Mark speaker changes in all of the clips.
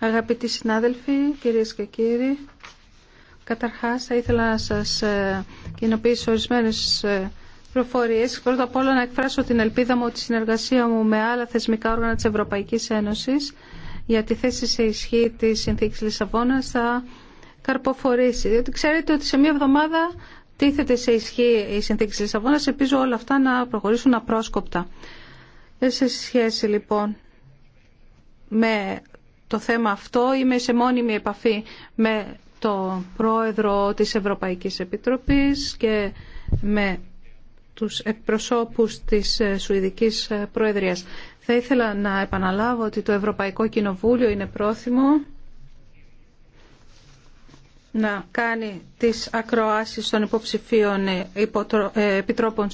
Speaker 1: Αγαπητοί συνάδελφοι, κυρίες και κύριοι, καταρχάς θα ήθελα να σας ε, κοινοποιήσω ορισμένες ε, προφορίες. Πρώτα απ' όλα να εκφράσω την ελπίδα μου ότι η συνεργασία μου με άλλα θεσμικά όργανα της Ευρωπαϊκής Ένωσης για τη θέση σε ισχύ της Συνθήκης Λισαβόνας θα καρποφορήσει. Διότι ξέρετε ότι σε μία εβδομάδα τίθεται σε ισχύ η Συνθήκη Λισαβόνας. Ελπίζω όλα αυτά να προχωρήσουν απρόσκοπτα. Ε, σε σχέση λοιπόν με το θέμα αυτό. Είμαι σε μόνιμη επαφή με το πρόεδρο της Ευρωπαϊκής Επιτροπής και με τους εκπροσώπους της ε, Σουηδικής ε, Προεδρίας. Θα ήθελα να επαναλάβω ότι το Ευρωπαϊκό Κοινοβούλιο είναι πρόθυμο να κάνει τις ακροάσεις των υποψηφίων ε, επιτρόπων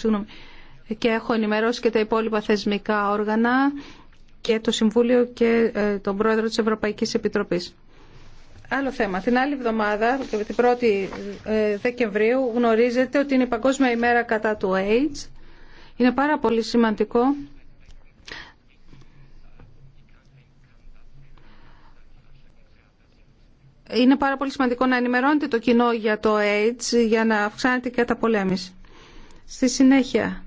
Speaker 1: και έχω ενημερώσει και τα υπόλοιπα θεσμικά όργανα και το Συμβούλιο και ε, τον Πρόεδρο της Ευρωπαϊκής Επιτροπής. Άλλο θέμα. Την άλλη εβδομάδα, την 1η ε, Δεκεμβρίου, γνωρίζετε ότι είναι η Παγκόσμια ημέρα κατά του AIDS. Είναι πάρα πολύ σημαντικό είναι πάρα πολύ σημαντικό να ενημερώνετε το κοινό για το AIDS για να αυξάνεται και τα πολέμηση. Στη συνέχεια,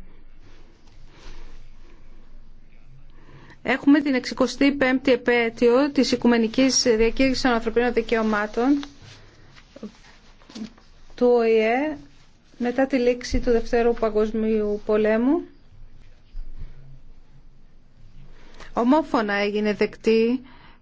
Speaker 1: Έχουμε την 65η επέτειο της Οικουμενικής Διακήρυξης των Ανθρωπίνων Δικαιωμάτων του ΟΗΕ μετά τη λήξη του Δευτέρου Παγκοσμίου Πολέμου. Ομόφωνα έγινε δεκτή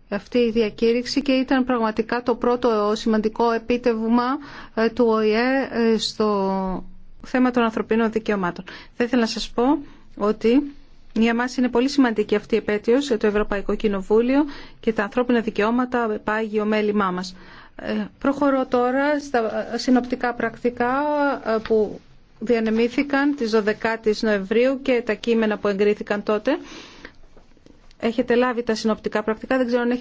Speaker 1: αυτή η διακήρυξη και ήταν πραγματικά το πρώτο σημαντικό επίτευγμα ε, του ΟΗΕ ε, στο θέμα των ανθρωπίνων δικαιωμάτων. Θα ήθελα να σας πω ότι για μας είναι πολύ σημαντική αυτή η επέτειος για το Ευρωπαϊκό Κοινοβούλιο και τα ανθρώπινα δικαιώματα ο μέλημά μας. Ε, προχωρώ τώρα στα συνοπτικά πρακτικά ε, που διανεμήθηκαν τις 12 Νοεμβρίου και τα κείμενα που εγκρίθηκαν τότε. Έχετε λάβει τα συνοπτικά πρακτικά, δεν ξέρω